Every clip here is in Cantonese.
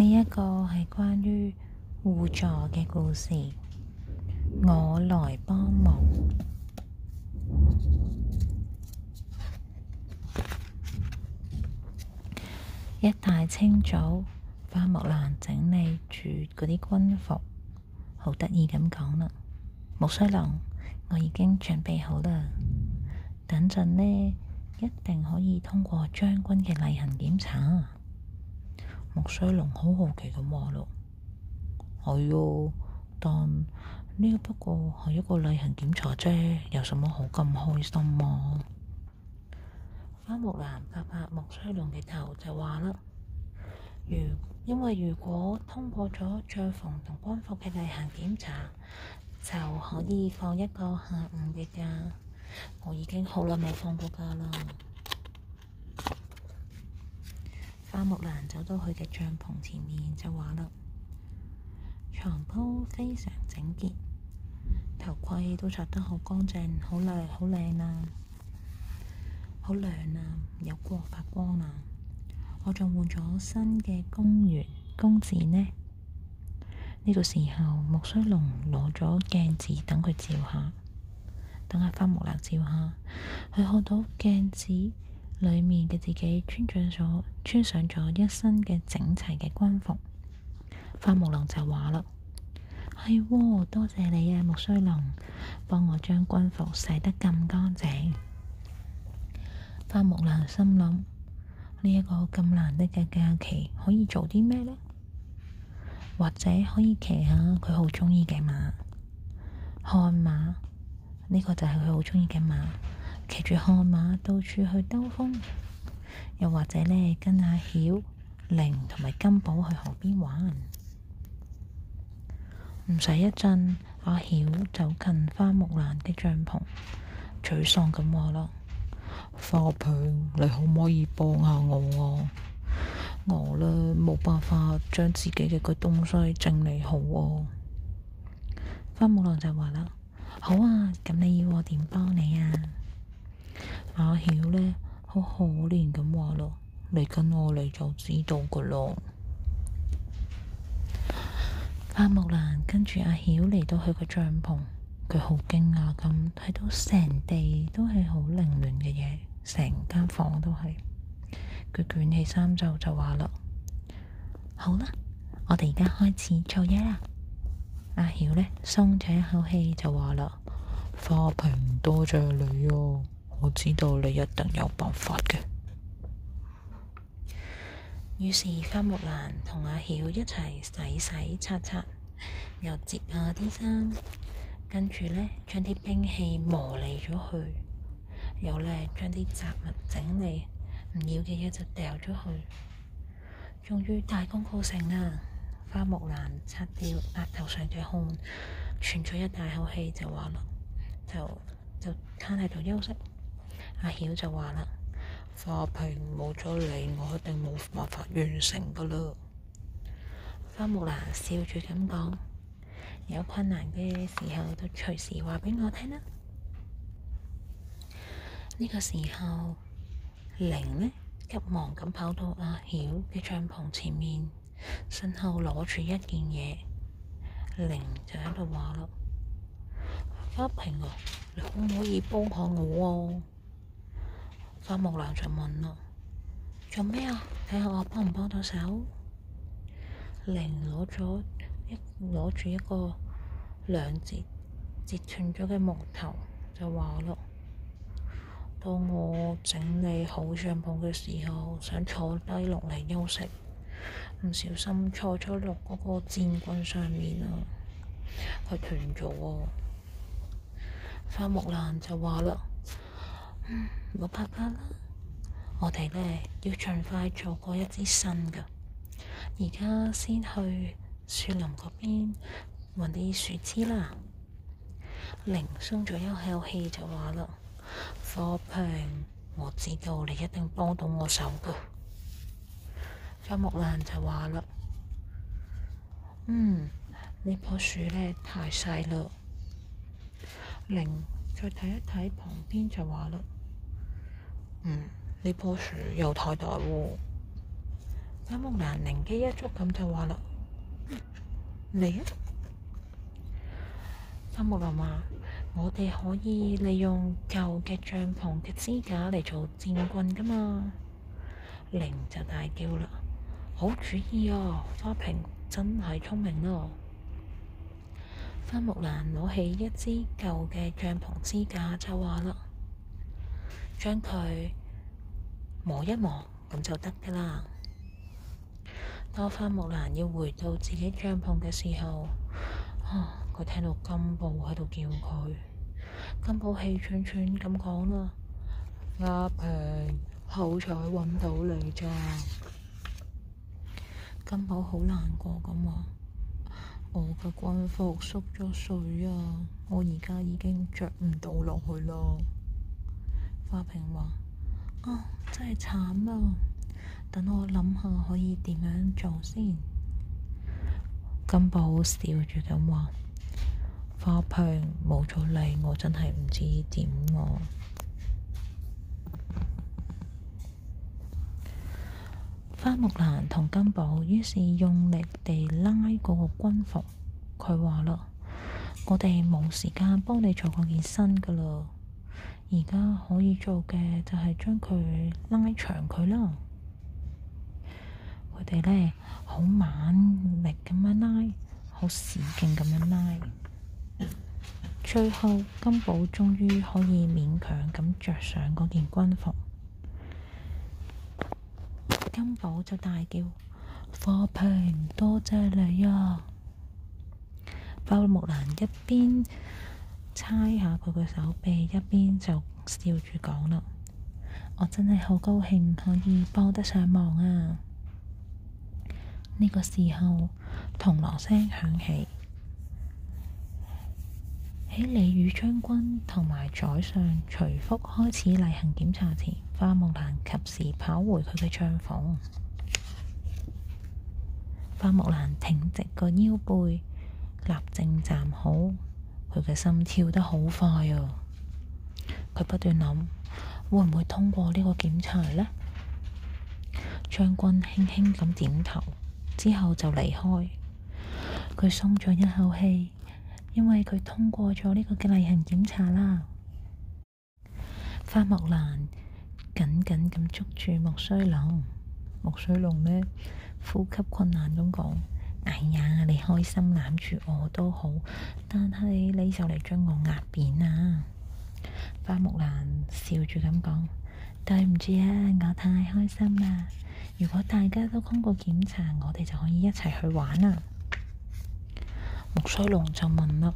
呢一個係關於互助嘅故事。我來幫忙。一大清早，花木蘭整理住嗰啲軍服，好得意咁講啦：木須龍，我已經準備好啦，等陣呢一定可以通過將軍嘅例行檢查。木須龍好好奇咁話咯，係、哎、哦，但呢個不過係一個例行檢查啫，有什麼好咁開心嘛、啊？花木蘭拍拍木須龍嘅頭就話啦，如因為如果通過咗帳篷同軍服嘅例行檢查，就可以放一個下午嘅假。我已經好耐冇放過假啦。花木蘭走到佢嘅帳篷前面就話啦：床鋪非常整潔，頭盔都刷得好乾淨，好靚，好靚啊！好亮啊，啊有光發光啊！我仲換咗新嘅公爵公子呢。呢、這個時候，木須龍攞咗鏡子等佢照下，等下花木蘭照下，佢看到鏡子。裏面嘅自己穿上咗，穿上咗一身嘅整齊嘅軍服，花木蘭就話啦：係喎、哎，多謝你啊，木鬚龍，幫我將軍服洗得咁乾淨。花木蘭心諗：呢、這、一個咁難得嘅假期，可以做啲咩呢？或者可以騎下佢好鍾意嘅馬，汗馬，呢、這個就係佢好鍾意嘅馬。騎住悍馬到處去兜風，又或者咧跟阿曉、玲同埋金寶去河邊玩。唔使一陣，阿曉走近花木蘭的帳篷，沮喪咁話咯：花平，你可唔可以幫下我啊？我咧冇辦法將自己嘅個東西整理好喎。花木蘭就話啦：好啊，咁你要我點幫你？阿曉咧好可憐咁話咯，你跟我嚟就知道噶咯。花木蘭阿木蘭跟住阿曉嚟到佢個帳篷，佢好驚訝咁睇到成地都係好凌亂嘅嘢，成間房都係。佢捲起衫袖就話啦，好啦，我哋而家開始做嘢啦。阿曉咧鬆咗一口氣就話啦，花瓶多謝你哦。」我知道你一定有辦法嘅。於是花木蘭同阿曉一齊洗洗刷刷，又折下啲衫，跟住呢，將啲兵器磨利咗去，又咧將啲雜物整理，唔要嘅嘢就掉咗去。終於大功告成啦！花木蘭擦掉額頭上嘅汗，喘咗一大口氣，就話啦，就就攤喺度休息。阿曉就話啦：花瓶，冇咗你，我一定冇辦法完成㗎啦。花木蘭笑住咁講：有困難嘅時候就隨時話畀我聽啦。呢個時候，玲呢急忙咁跑到阿曉嘅帳篷前面，身後攞住一件嘢，玲就喺度話啦：花瓶啊，你可唔可以幫下我啊？花木蘭就問啦：做咩啊？睇下我幫唔幫到手。拎攞咗一攞住一個，個兩截截斷咗嘅木頭，就話啦。當我整理好帳篷嘅時候，想坐低落嚟休息，唔小心坐咗落嗰個箭棍上面啦，佢斷咗。花木蘭就話啦。冇辦法啦，我哋咧要盡快做過一支新噶。而家先去樹林嗰邊搵啲樹枝啦。零鬆咗一口氣就話啦，火平，我知道你一定幫到我手噶。張木蘭就話啦，嗯，呢棵樹咧太細啦。零，再睇一睇旁邊就話啦。嗯，呢棵樹又太大喎。花木蘭靈機一觸咁就話啦：嚟、嗯、啊！花木蘭話：我哋可以利用舊嘅帳篷嘅支架嚟做戰棍噶嘛？靈就大叫啦：好主意啊、哦！花瓶真係聰明咯、哦！花木蘭攞起一支舊嘅帳篷支架就話啦。將佢磨一磨，咁就得噶啦。當花木蘭要回到自己帳篷嘅時候，啊，佢聽到金寶喺度叫佢。金寶氣喘喘咁講啦：阿平，好彩揾到你咋？金寶好難過咁話：我嘅軍服縮咗水啊，我而家已經着唔到落去啦。花瓶話：，哦，真係慘咯！等我諗下可以點樣做先。金寶笑住咁話：，花瓶，冇咗你，我真係唔知點啊。花木蘭同金寶於是用力地拉嗰個軍服，佢話啦：，我哋冇時間幫你做嗰件新噶啦。而家可以做嘅就係將佢拉長佢啦。佢哋咧好猛力咁樣拉，好使勁咁樣拉。最後金寶終於可以勉強咁着上嗰件軍服。金寶就大叫：，花瓶，多謝你啊！花木蘭一邊。猜下佢個手臂，一邊就笑住講啦，我真係好高興可以幫得上忙啊！呢、這個時候銅鑼聲響起，喺李宇將軍同埋宰相隨福開始例行檢查前，花木蘭及時跑回佢嘅帳篷。花木蘭挺直個腰背，立正站好。佢嘅心跳得好快啊！佢不斷諗，會唔會通過呢個檢查呢？將軍輕輕咁點頭，之後就離開。佢鬆咗一口氣，因為佢通過咗呢個嘅例行檢查啦。花木蘭緊緊咁捉住木鬚龍，木鬚龍呢，呼吸困難咁講。哎呀，你開心攬住我都好，但係你就嚟將我壓扁啊！花木蘭笑住咁講：對唔住啊，我太開心啦。如果大家都通過檢查，我哋就可以一齊去玩啦。木須龍就問啦：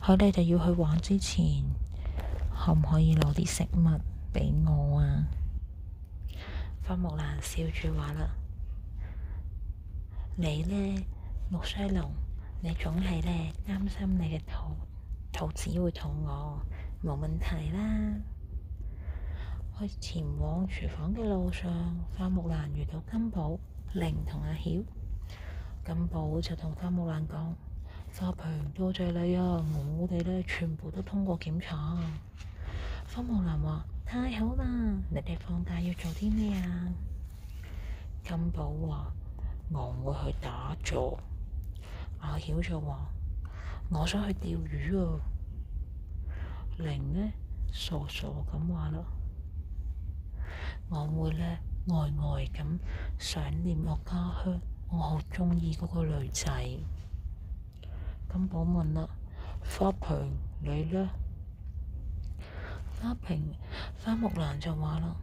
喺你哋要去玩之前，可唔可以攞啲食物畀我啊？花木蘭笑住話啦。你呢，木鬚龍，你總係呢，擔心你嘅肚子肚子會肚餓，冇問題啦。去前往廚房嘅路上，花木蘭遇到金寶、玲同阿曉。金寶就同花木蘭講：花瓶多謝你啊，我哋呢，全部都通過檢查。花木蘭話：太好啦，你哋放假要做啲咩啊？金寶話。我唔會去打坐。阿曉就話：我想去釣魚啊。玲呢傻傻咁話啦。我會呢呆呆咁想念我家鄉。我好鍾意嗰個女仔。咁我問啦，啊，花瓶你呢？」花瓶花木蘭就話啦。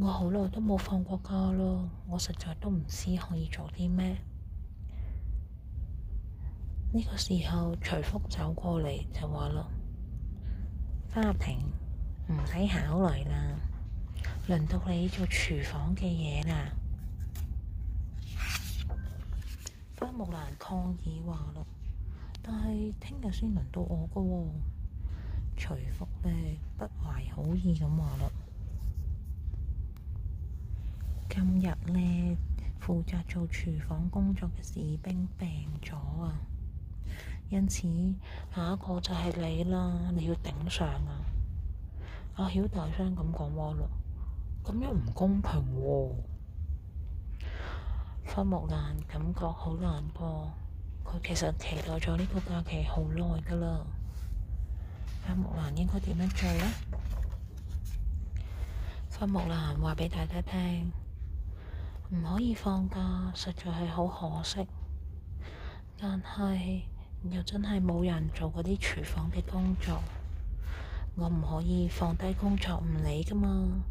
我好耐都冇放過假咯，我實在都唔知可以做啲咩。呢個時候，徐福走過嚟就話咯：花瓶唔使考慮啦，輪到你做廚房嘅嘢啦。花木蘭抗議話咯，但係聽日先輪到我噶喎。徐福咧不懷好意咁話咯。今日呢，負責做廚房工作嘅士兵病咗啊！因此下一個就係你啦，你要頂上啊！阿、啊、曉大聲咁講話咯，咁樣唔公平喎、啊！花木蘭感覺好難過，佢其實期待咗呢個假期好耐噶啦。花木蘭應該點樣做呢？花木蘭話畀大家聽。唔可以放假，實在係好可惜。但係又真係冇人做嗰啲廚房嘅工作，我唔可以放低工作唔理噶嘛，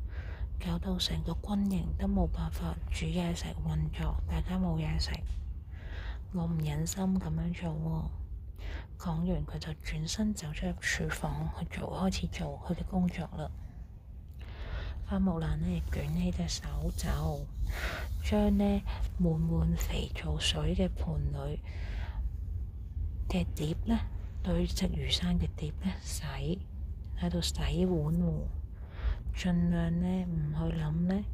搞到成個軍營都冇辦法煮嘢食運作，大家冇嘢食，我唔忍心咁樣做喎。講完佢就轉身走出廚房去做，開始做佢嘅工作啦。花木蘭呢，捲起隻手肘，將呢滿滿肥皂水嘅盆裏嘅碟呢，對隻魚生嘅碟呢，洗，喺度洗碗喎、哦。儘量呢，唔去諗呢，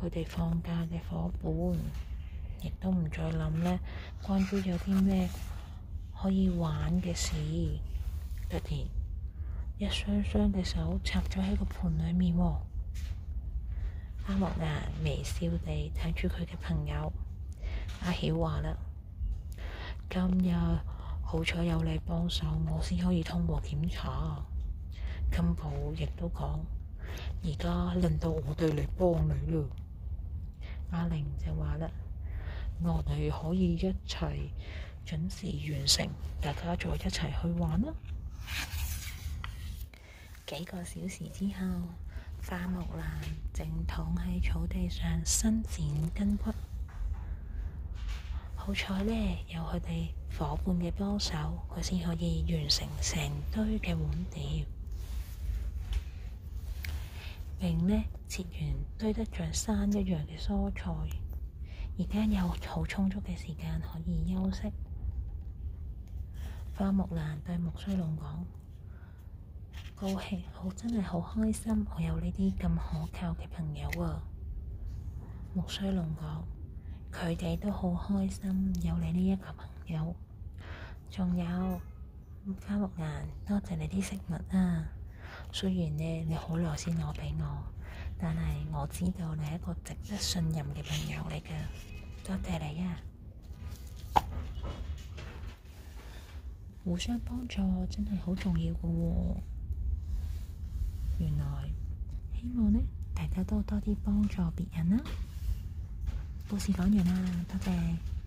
佢哋放假嘅伙伴，亦都唔再諗呢關於有啲咩可以玩嘅事得嘅。一雙雙嘅手插咗喺個盤裏面喎。阿莫牙微笑地睇住佢嘅朋友。阿曉話啦，今日好彩有你幫手，我先可以通過檢查。金寶亦都講，而家輪到我哋嚟幫你了。阿玲就話啦，我哋可以一齊準時完成，大家再一齊去玩啦。幾個小時之後，花木蘭正躺喺草地上伸展筋骨。好彩呢，有佢哋伙伴嘅幫手，佢先可以完成成堆嘅碗碟，並呢切完堆得像山一樣嘅蔬菜。而家有好充足嘅時間可以休息。花木蘭對木須龍講。高興，我真係好開心，我有呢啲咁可靠嘅朋友啊！木須龍講，佢哋都好開心有你呢一個朋友。仲有花木蘭，多謝你啲食物啊！雖然呢你，你好耐先攞畀我，但係我知道你係一個值得信任嘅朋友嚟噶，多謝你啊！互相幫助真係好重要噶喎、啊！希望呢，大家都多多啲幫助別人啦。故事講完啦，多謝。